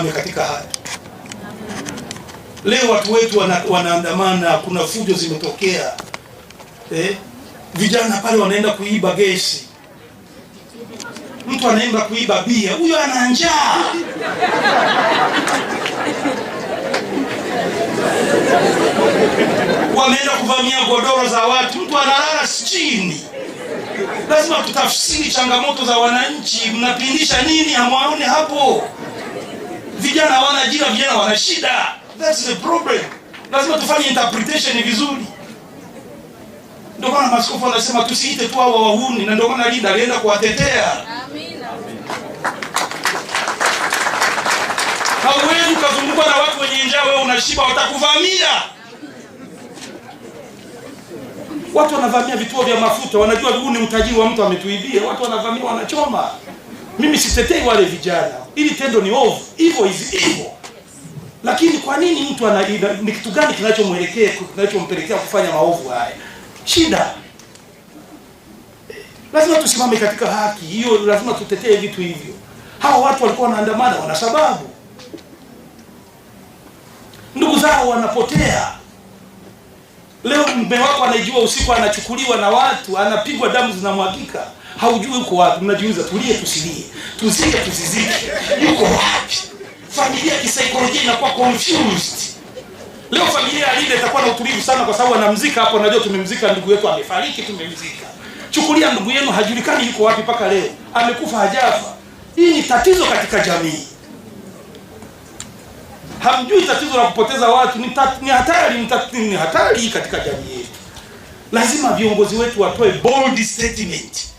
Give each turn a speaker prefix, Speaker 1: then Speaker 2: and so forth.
Speaker 1: tusimame katika haya. Leo watu wetu wana, wanaandamana, kuna fujo zimetokea eh? Vijana pale wanaenda kuiba gesi, mtu anaenda kuiba bia, huyo ana njaa wameenda kuvamia godoro za watu, mtu analala chini. Lazima tutafsiri changamoto za wananchi. Mnapindisha nini? Hamwaone hapo hawana ajira, vijana wana shida. That's the problem. Lazima tufanye interpretation vizuri. Ndio maana maskofu anasema tusiite tu hao wahuni, na ndio maana Linda alienda kuwatetea. Amina. Hauwezi ukazungukwa na watu wenye njaa, wewe unashiba, watakuvamia. Watu wanavamia vituo vya mafuta, wanajua huu ni utajiri wa mtu ametuibia. Watu wanavamia, wanachoma mimi sitetei wale vijana, ili tendo ni ovu, hivyo hivi hivyo, lakini kwa nini mtu ana, ni kitu gani kinachomwelekea kinachompelekea kufanya maovu haya? Shida lazima tusimame katika haki hiyo, lazima tutetee vitu hivyo. Hawa watu walikuwa wanaandamana, wana sababu, ndugu zao wanapotea Leo mme wako anaijua usiku, anachukuliwa na watu, anapigwa, damu zinamwagika haujui uko wapi, mnajiuliza. Tulie, tusilie, tuzike, tusizike, yuko wapi? Familia kisaikolojia inakuwa confused. Leo familia alinde itakuwa na utulivu sana, kwa sababu anamzika hapo, najua tumemzika ndugu yetu, amefariki, tumemzika. Chukulia ndugu yenu hajulikani yuko wapi mpaka leo, amekufa hajafa. Hii ni tatizo katika jamii. Hamjui tatizo la kupoteza watu ni, tat, ni hatari ni, tat, ni hatari katika jamii yetu. Lazima viongozi wetu watoe bold statement.